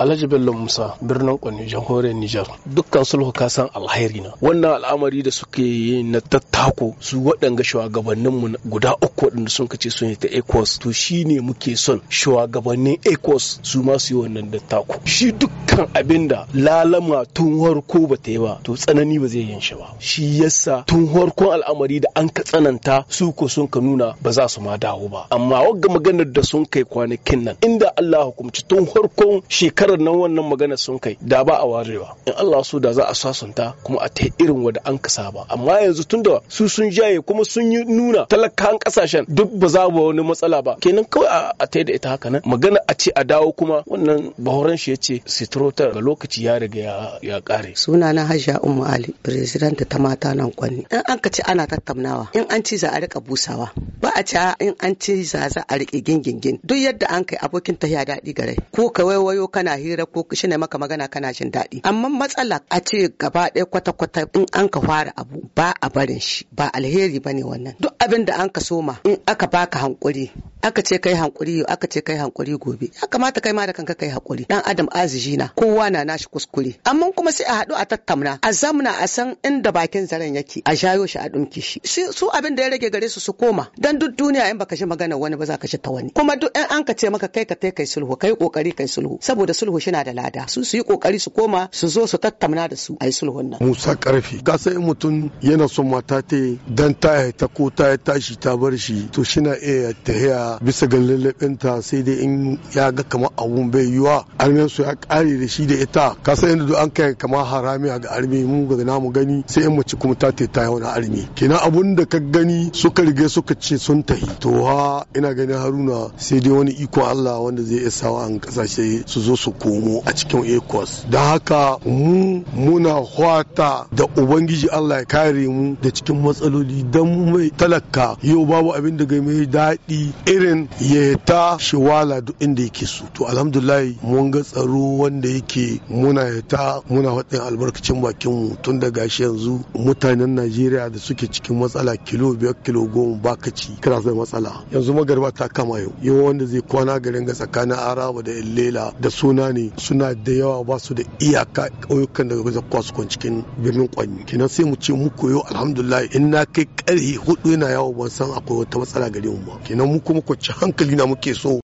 Alhaji Bello Musa birnin Kwani jamhuriyar Nijar dukkan sulhu ka san alhairi na wannan al'amari da suke yi na tattako su waɗanga shugabannin mu guda uku waɗanda sun kace sun yi ta ECOWAS to shine muke son shugabannin ECOWAS su ma su yi wannan tattako shi dukkan abinda lalama tun harko ba ta yi ba to tsanani ba zai yin shi ba shi yasa tun harkon al'amari da an ka tsananta su ko sun ka nuna ba za su ma dawo ba amma wagga maganar da sun kai kwanakin nan inda Allah hukumci tun harkon shekara shekarar nan wannan magana sun kai da ba a warewa in Allah so da za a sasunta kuma a ta irin wanda an kasa ba amma yanzu tunda su sun jaye kuma sun yi nuna talakan kasashen duk ba za ba wani matsala ba kenan kawai a ta da ita haka nan magana a ce a dawo kuma wannan bahoran shi ce sitrotar ga lokaci ya riga ya kare sunana hajja Ummu Ali president ta mata nan kwanni in an ka ce ana tattaunawa in an ci za a rika busawa ba a ci in an ci za za a rike gingingin duk yadda an kai abokin ta ya daɗi gare ko ka wayo kana hira ko shi ne maka magana kana jin daɗi amma matsala a ce gaba ɗaya kwata-kwata in an ka fara abu ba a barin shi ba alheri ba ne wannan duk abin da an ka soma in aka baka hankuri aka ce kai hankuri aka ce kai hankuri gobe ya kamata kai ma da kanka kai hakuri dan adam aziji na kowa na nashi kuskure amma kuma sai a haɗu a tattauna a zamna a san inda bakin zaren yake a jayo shi a dunki shi su abin da ya rage gare su su koma dan duk duniya in baka ji magana wani ba za ka ji ta wani kuma duk in an ka ce maka kai ka kai kai sulhu kai kokari kai sulhu saboda sulhu sulhu shi na da lada su su yi kokari su koma su zo su tattauna da su a yi sulhun nan. Musa karfi ka san in mutum yana son mata ta dan ta ta ko ta tashi ta bar shi to shi na iya tahiya bisa ga ta sai dai in ya ga kamar abun bai yiwa armen su ya kare da shi da ita ka san inda an kai kamar harami ga armi mu ga namu gani sai in mace kuma ta ta yi wani armi kenan abun da ka gani suka rige suka ce sun tahi to ha ina ganin haruna sai dai wani iko Allah wanda zai iya sawa an kasashe su zo su komo a cikin ecos da haka mu muna hwata da ubangiji allah ya kare mu da cikin matsaloli don mai talaka yau babu abin da mai daɗi irin ya ta shiwala duk inda yake so to alhamdulahi mun ga tsaro wanda yake muna ya ta muna haɗin albarkacin bakin mu tun da gashi yanzu mutanen najeriya da suke cikin matsala kilo biyar kilo goma baka ci kana zai matsala yanzu magarba ta kama yau yau wanda zai kwana garin ga tsakanin araba da illela da suna ne suna da yawa ba su da iyaka ƙauyukan da za kwa su cikin birnin kwanni kenan sai mu ce mu koyo alhamdulillah in na kai karhe hudu yana yawo ban san akwai wata matsala gare mu ba kenan mu kuma kwanci hankali na muke so